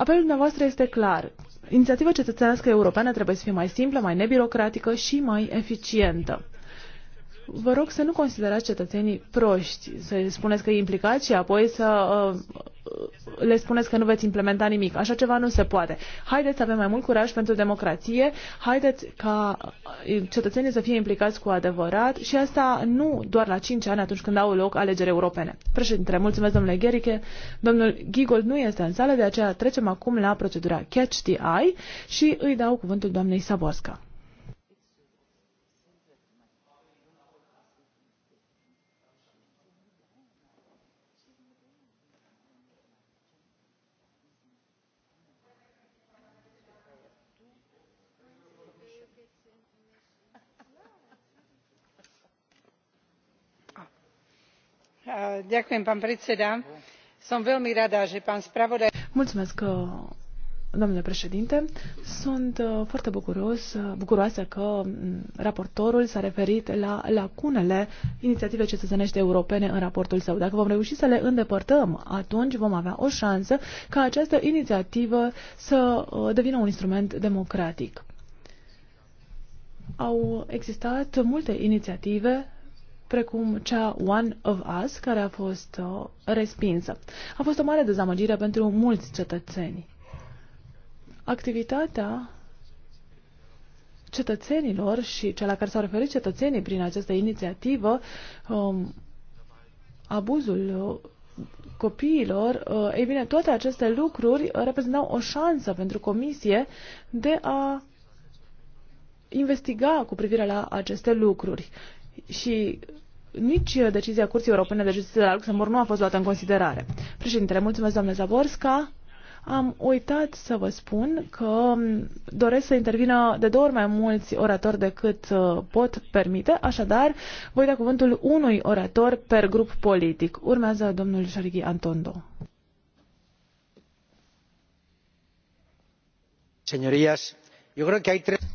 Apelul dumneavoastră este clar. Inițiativa cetățenească europeană trebuie să fie mai simplă, mai nebirocratică și mai eficientă. Vă rog să nu considerați cetățenii proști, să spuneți că îi implicați și apoi să uh, le spuneți că nu veți implementa nimic. Așa ceva nu se poate. Haideți să avem mai mult curaj pentru democrație, haideți ca uh, cetățenii să fie implicați cu adevărat și asta nu doar la 5 ani atunci când au loc alegeri europene. Președintele, mulțumesc domnule Gheriche. Domnul Gigol nu este în sală, de aceea trecem acum la procedura Catch the Eye și îi dau cuvântul doamnei Saborska. sunt veľmi rada že pán spravodajca. mulțumesc uh, domnule președinte sunt uh, foarte bucuros, uh, bucuroasă că mm, raportorul s a referit la lacunele inițiativei cetățenești europene în raportul său. Dacă vom reuși să le îndepărtăm, atunci vom avea o șansă ca această inițiativă să devină un instrument democratic. Au existat multe inițiative precum cea One of Us, care a fost uh, respinsă. A fost o mare dezamăgire pentru mulți cetățeni. Activitatea cetățenilor și cea la care s-au referit cetățenii prin această inițiativă, um, abuzul uh, copiilor, uh, ei bine, toate aceste lucruri reprezentau o șansă pentru comisie de a investiga cu privire la aceste lucruri. Și nici decizia Curții Europene de Justiție de la Luxemburg nu a fost luată în considerare. Președintele, mulțumesc, doamne Zaborska. Am uitat să vă spun că doresc să intervină de două ori mai mulți oratori decât uh, pot permite, așadar voi da cuvântul unui orator per grup politic. Urmează domnul Șarighi Antondo. Señorías,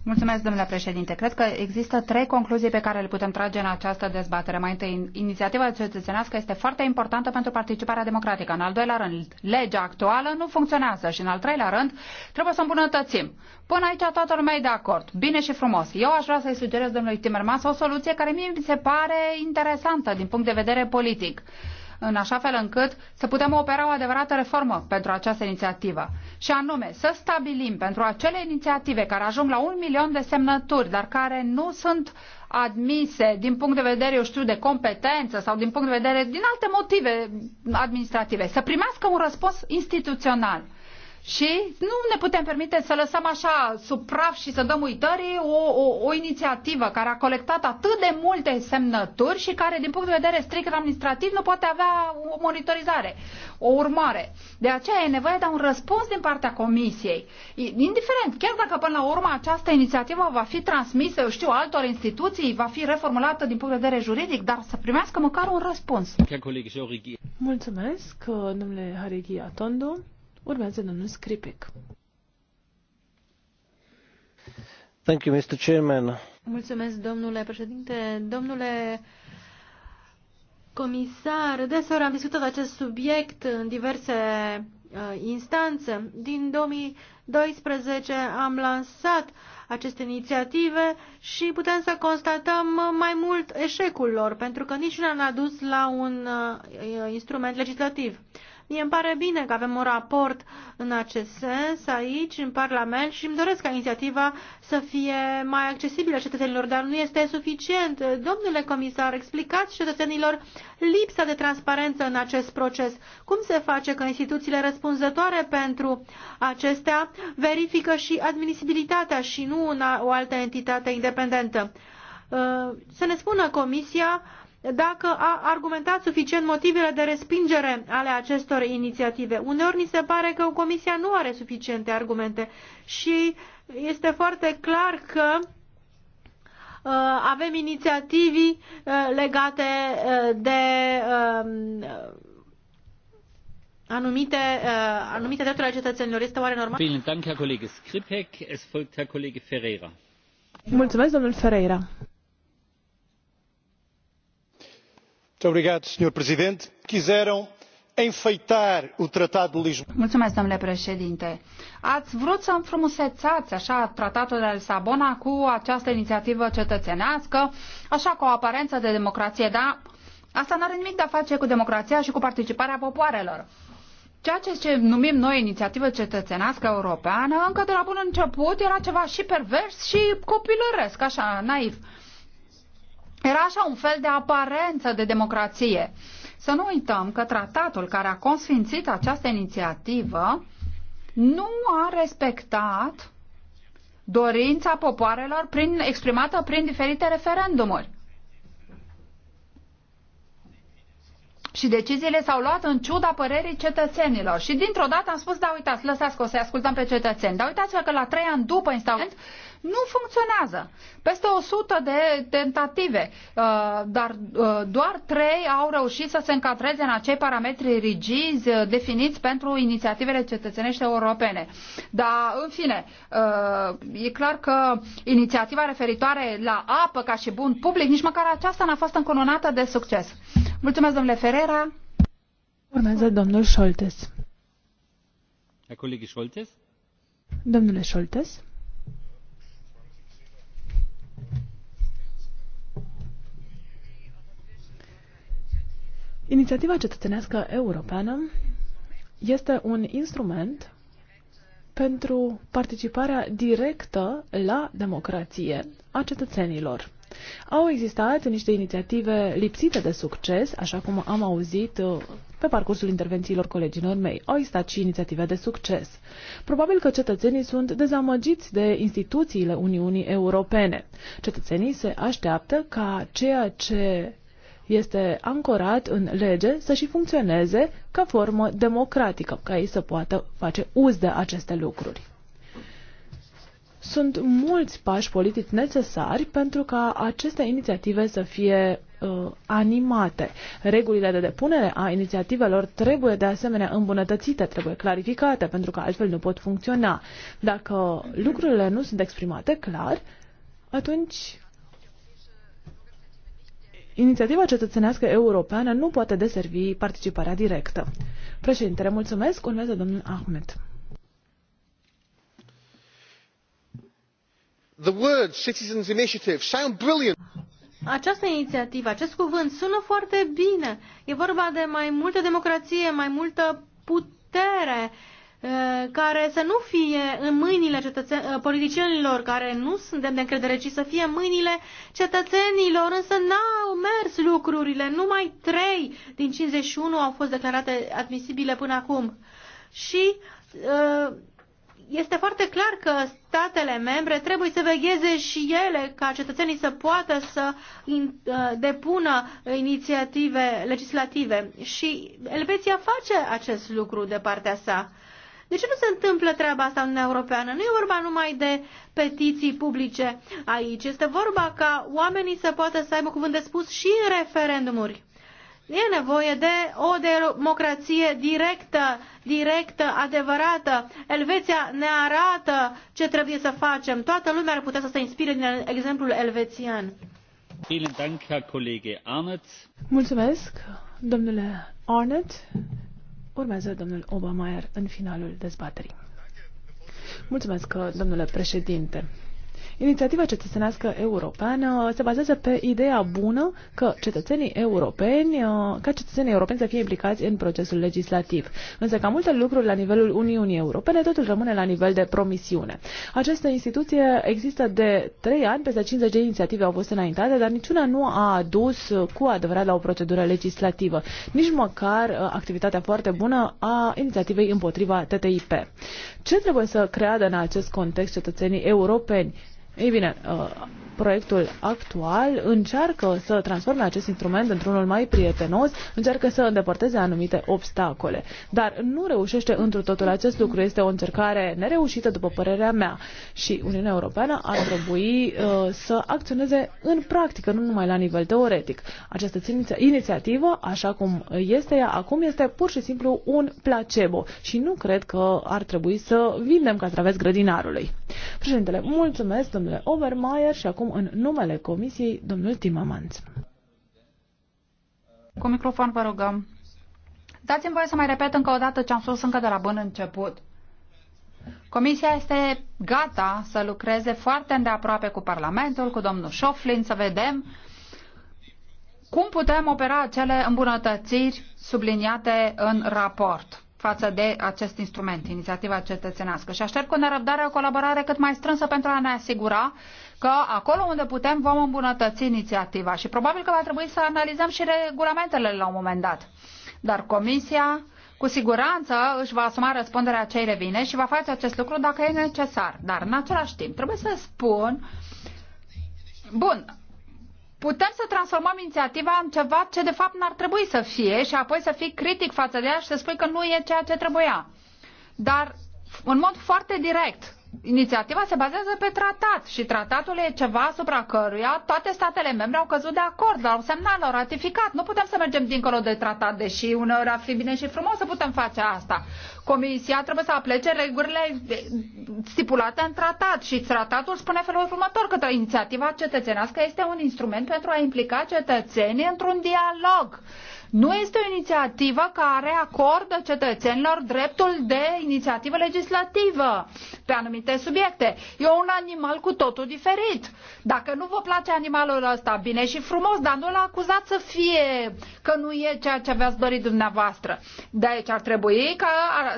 Mulțumesc, domnule președinte. Cred că există trei concluzii pe care le putem trage în această dezbatere. Mai întâi, inițiativa cetățenească este foarte importantă pentru participarea democratică. În al doilea rând, legea actuală nu funcționează și în al treilea rând, trebuie să îmbunătățim. Până aici toată lumea e de acord. Bine și frumos. Eu aș vrea să îi sugerez domnului Timmermans o soluție care mie mi se pare interesantă din punct de vedere politic în așa fel încât să putem opera o adevărată reformă pentru această inițiativă. Și anume, să stabilim pentru acele inițiative care ajung la un milion de semnături, dar care nu sunt admise din punct de vedere, eu știu, de competență sau din punct de vedere din alte motive administrative, să primească un răspuns instituțional și nu ne putem permite să lăsăm așa sub praf și să dăm uitării o, o, o inițiativă care a colectat atât de multe semnături și care, din punct de vedere strict administrativ, nu poate avea o monitorizare, o urmare. De aceea e nevoie de un răspuns din partea Comisiei. Indiferent, chiar dacă până la urmă această inițiativă va fi transmisă, eu știu, altor instituții, va fi reformulată din punct de vedere juridic, dar să primească măcar un răspuns. Mulțumesc, domnule Harighi Atondo. Urmează domnul Scripec. Thank you, Mr. Chairman. Mulțumesc, domnule președinte. Domnule comisar, deseori am discutat acest subiect în diverse uh, instanțe. Din 2012 am lansat aceste inițiative și putem să constatăm mai mult eșecul lor, pentru că nici nu am adus la un uh, instrument legislativ. Uh, Mie îmi pare bine că avem un raport în acest sens aici, în Parlament, și îmi doresc ca inițiativa să fie mai accesibilă cetățenilor, dar nu este suficient. Domnule comisar, explicați cetățenilor lipsa de transparență în acest proces. Cum se face că instituțiile răspunzătoare pentru acestea verifică și administrabilitatea și nu una, o altă entitate independentă? Uh, să ne spună Comisia dacă a argumentat suficient motivele de respingere ale acestor inițiative. Uneori ni se pare că Comisia nu are suficiente argumente și este foarte clar că uh, avem inițiativi uh, legate uh, de um, anumite, anumite drepturi ale cetățenilor. Este oare normal? Dank, Herr Kollege Skripek. Es folgt Herr Kollege Ferreira. Mulțumesc, domnul Ferreira. domnule președinte ați vrut să înfrumusețați așa tratatul de la lisabona cu această inițiativă cetățenească așa cu o aparență de democrație dar asta nu are nimic de a face cu democrația și cu participarea popoarelor. Ceea ce numim noi inițiativă cetățenească europeană, încă de la bun început era ceva și pervers și copilăresc, așa, naiv. Era așa un fel de aparență de democrație. Să nu uităm că tratatul care a consfințit această inițiativă nu a respectat dorința popoarelor prin, exprimată prin diferite referendumuri. și deciziile s-au luat în ciuda părerii cetățenilor. Și dintr-o dată am spus, da, uitați, lăsați că o să ascultăm pe cetățeni. Dar uitați-vă că la trei ani după instaurament nu funcționează. Peste 100 de tentative, uh, dar uh, doar trei au reușit să se încadreze în acei parametri rigizi uh, definiți pentru inițiativele cetățenești europene. Dar, în fine, e clar că inițiativa referitoare la apă ca și bun public, nici măcar aceasta n-a fost încoronată de succes. Mulțumesc, domnule Ferrera. Urmează domnul Scholtes. Colegii Scholtes? Domnule Scholtes. Inițiativa cetățenească europeană este un instrument pentru participarea directă la democrație a cetățenilor. Au existat niște inițiative lipsite de succes, așa cum am auzit uh, pe parcursul intervențiilor colegilor mei. Au existat și inițiative de succes. Probabil că cetățenii sunt dezamăgiți de instituțiile Uniunii Europene. Cetățenii se așteaptă ca ceea ce este ancorat în lege să și funcționeze ca formă democratică, ca ei să poată face uz de aceste lucruri. Sunt mulți pași politici necesari pentru ca aceste inițiative să fie uh, animate. Regulile de depunere a inițiativelor trebuie de asemenea îmbunătățite, trebuie clarificate, pentru că altfel nu pot funcționa. Dacă lucrurile nu sunt exprimate clar, atunci inițiativa cetățenească europeană nu poate deservi participarea directă. Președintele, mulțumesc, urmează domnul Ahmed. The word citizens initiative sound brilliant. Această inițiativă, acest cuvânt sună foarte bine. E vorba de mai multă democrație, mai multă putere eh, care să nu fie în mâinile eh, politicienilor care nu sunt de încredere, ci să fie în mâinile cetățenilor, însă n-au mers lucrurile. Numai 3 din 51 au fost declarate admisibile până acum. Și uh, este foarte clar că statele membre trebuie să vegheze și ele ca cetățenii să poată să uh, depună inițiative legislative. Și Elveția face acest lucru de partea sa. De ce nu se întâmplă treaba asta în Uniunea Europeană? Nu e vorba numai de petiții publice aici. Este vorba ca oamenii să poată să aibă cuvânt de spus și în referendumuri. E nevoie de o democrație directă, directă, adevărată. Elveția ne arată ce trebuie să facem. Toată lumea ar putea să se inspire din exemplul elvețian. Mulțumesc, domnule Arnett. Urmează domnul Obermeier în finalul dezbaterii. Mulțumesc, domnule președinte. Inițiativa cetățenească europeană se bazează pe ideea bună că cetățenii europeni, uh, ca cetățenii europeni să fie implicați în procesul legislativ. Însă, ca multe lucruri la nivelul Uniunii Europene, totul rămâne la nivel de promisiune. Această instituție există de trei ani, peste 50 de inițiative au fost înaintate, dar niciuna nu a adus cu adevărat la o procedură legislativă, nici măcar uh, activitatea foarte bună a inițiativei împotriva TTIP. Ce trebuie să creadă în acest context cetățenii europeni? Ei bine, uh, proiectul actual încearcă să transforme acest instrument într-unul mai prietenos, încearcă să îndepărteze anumite obstacole. Dar nu reușește întru totul acest lucru. Este o încercare nereușită, după părerea mea. Și Uniunea Europeană ar trebui uh, să acționeze în practică, nu numai la nivel teoretic. Această inițiativă, așa cum este ea acum, este pur și simplu un placebo și nu cred că ar trebui să vindem ca través grădinarului. Președintele, mulțumesc, domnule Obermeier, și acum în numele Comisiei, domnul Timamanț. Cu microfon vă rugăm. Dați-mi voie să mai repet încă o dată ce am spus încă de la bun început. Comisia este gata să lucreze foarte îndeaproape cu Parlamentul, cu domnul Șoflin, să vedem cum putem opera acele îmbunătățiri subliniate în raport față de acest instrument, inițiativa cetățenească. Și aștept cu nerăbdare o colaborare cât mai strânsă pentru a ne asigura că acolo unde putem vom îmbunătăți inițiativa. Și probabil că va trebui să analizăm și regulamentele la un moment dat. Dar Comisia cu siguranță își va asuma răspunderea cei revine și va face acest lucru dacă e necesar. Dar în același timp trebuie să spun Bun, putem să transformăm inițiativa în ceva ce de fapt n-ar trebui să fie și apoi să fii critic față de ea și să spui că nu e ceea ce trebuia. Dar în mod foarte direct, inițiativa se bazează pe tratat și tratatul e ceva asupra căruia toate statele membre au căzut de acord, l-au semnat, l-au ratificat. Nu putem să mergem dincolo de tratat, deși uneori ar fi bine și frumos să putem face asta. Comisia trebuie să aplece regulile stipulate în tratat și tratatul spune felul următor că inițiativa cetățenească este un instrument pentru a implica cetățenii într-un dialog. Nu este o inițiativă care acordă cetățenilor dreptul de inițiativă legislativă pe anumite subiecte. E un animal cu totul diferit. Dacă nu vă place animalul ăsta, bine și frumos, dar nu-l acuzat să fie că nu e ceea ce aveați dorit dumneavoastră. Deci ar trebui ca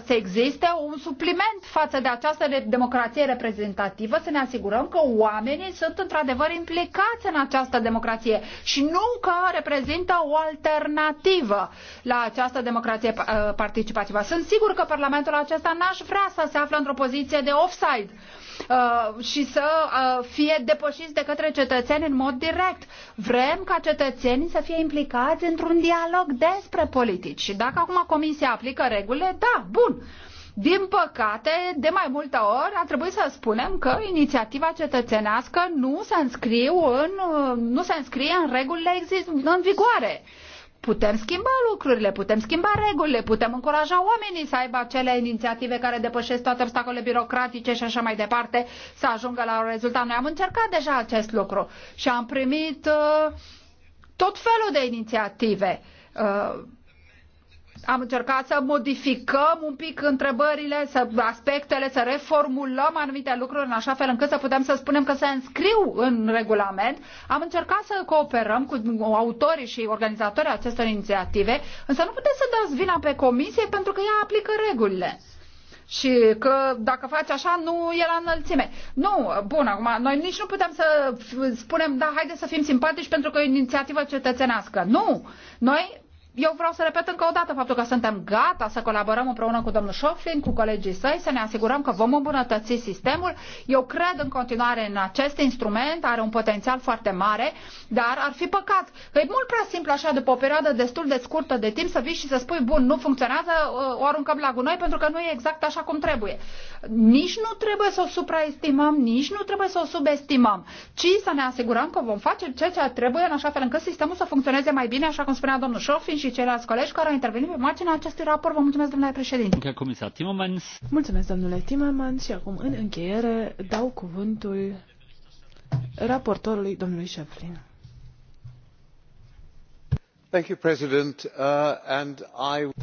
să existe un supliment față de această democrație reprezentativă, să ne asigurăm că oamenii sunt într-adevăr implicați în această democrație și nu că reprezintă o alternativă la această democrație uh, participativă. Sunt sigur că Parlamentul acesta n-aș vrea să se află într-o poziție de offside Uh, și să uh, fie depășiți de către cetățeni în mod direct. Vrem ca cetățenii să fie implicați într-un dialog despre politici. Și dacă acum Comisia aplică regulile, da, bun. Din păcate, de mai multe ori a trebuit să spunem că inițiativa cetățenească nu se, înscriu în, uh, nu se înscrie în regulile exist- în vigoare. Uh, putem schimba lucrurile, putem schimba regulile, putem încuraja oamenii să aibă acele inițiative care depășesc toate obstacolele birocratice și așa mai departe, să ajungă la un rezultat. Noi am încercat deja acest lucru și am primit uh, tot felul de inițiative. Uh, am încercat să modificăm un pic întrebările, să, aspectele, să reformulăm anumite lucruri în așa fel încât să putem să spunem că se înscriu în regulament. Am încercat să cooperăm cu autorii și organizatorii acestor inițiative, însă nu puteți să dați vina pe comisie pentru că ea aplică regulile și că dacă faci așa nu e la înălțime. Nu, bun, acum noi nici nu putem să spunem, da, haide să fim simpatici pentru că e o inițiativă cetățenească. Nu! Noi eu vreau să repet încă o dată faptul că suntem gata să colaborăm împreună cu domnul Șoflin, cu colegii săi, să ne asigurăm că vom îmbunătăți sistemul. Eu cred în continuare în acest instrument, are un potențial foarte mare, dar ar fi păcat că e mult prea simplu așa, după o perioadă destul de scurtă de timp, să vii și să spui, bun, nu funcționează, o aruncăm la gunoi pentru că nu e exact așa cum trebuie. Nici nu trebuie să o supraestimăm, nici nu trebuie să o subestimăm, ci să ne asigurăm că vom face ceea ce trebuie în așa fel încât sistemul să funcționeze mai bine, așa cum spunea domnul Șoflin și și ceilalți colegi care au intervenit pe marginea acestui raport. Vă mulțumesc, domnule președinte. Comisar Timmermans. Mulțumesc, domnule Timmermans. Și acum, în încheiere, dau cuvântul raportorului, domnului Șeflin. Uh,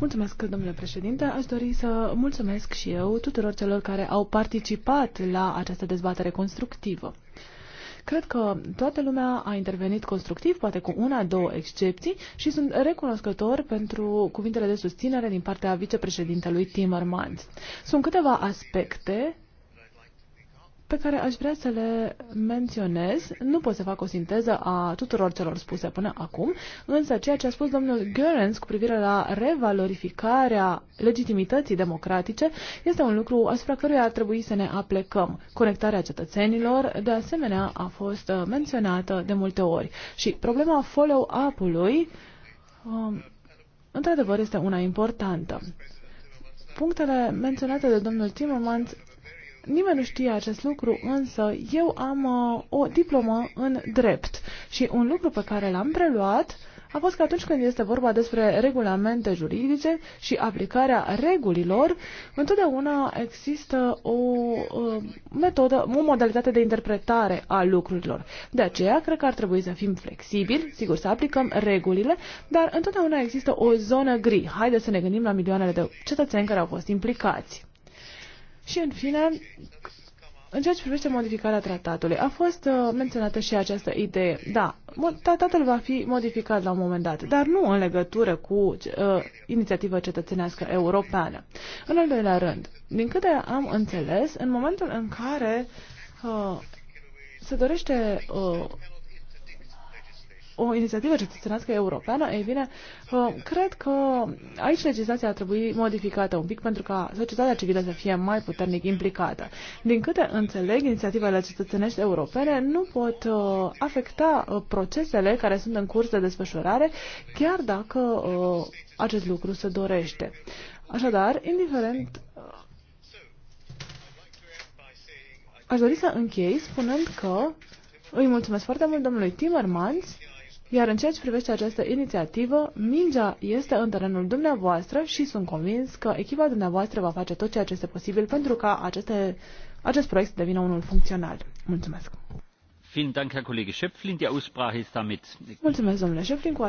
mulțumesc, domnule președinte aș dori să mulțumesc și eu tuturor celor care au participat la această dezbatere constructivă. Cred că toată lumea a intervenit constructiv, poate cu una, două excepții și sunt recunoscător pentru cuvintele de susținere din partea vicepreședintelui Timmermans. Sunt câteva aspecte pe care aș vrea să le menționez. Nu pot să fac o sinteză a tuturor celor spuse până acum, însă ceea ce a spus domnul Görens cu privire la revalorificarea legitimității democratice este un lucru asupra căruia ar trebui să ne aplecăm. Conectarea cetățenilor, de asemenea, a fost uh, menționată de multe ori. Și problema follow-up-ului, um, într-adevăr, este una importantă punctele menționate de domnul Timmermans Nimeni nu știe acest lucru, însă eu am uh, o diplomă în drept și un lucru pe care l-am preluat a fost că atunci când este vorba despre regulamente juridice și aplicarea regulilor, întotdeauna există o uh, metodă, o modalitate de interpretare a lucrurilor. De aceea, cred că ar trebui să fim flexibili, sigur, să aplicăm regulile, dar întotdeauna există o zonă gri. Haideți să ne gândim la milioanele de cetățeni care au fost implicați. Și, în fine, în ceea ce privește modificarea tratatului, a fost uh, menționată și această idee. Da, tratatul va fi modificat la un moment dat, dar nu în legătură cu uh, inițiativa cetățenească europeană. În al doilea rând, din câte am înțeles, în momentul în care uh, se dorește uh, o inițiativă cetățenească europeană, ei bine, cred că aici legislația ar trebui modificată un pic pentru ca societatea civilă să fie mai puternic implicată. Din câte înțeleg, inițiativele cetățenești europene nu pot uh, afecta uh, procesele care sunt în curs de desfășurare, chiar dacă uh, acest lucru se dorește. Așadar, indiferent Aș dori să închei spunând că îi mulțumesc foarte mult domnului Timmermans iar în ceea ce privește această inițiativă, mingea este în terenul dumneavoastră și sunt convins că echipa dumneavoastră va face tot ceea ce este posibil pentru ca aceste, acest proiect să devină unul funcțional. Mulțumesc! Mulțumesc, domnule Șeflin, Cu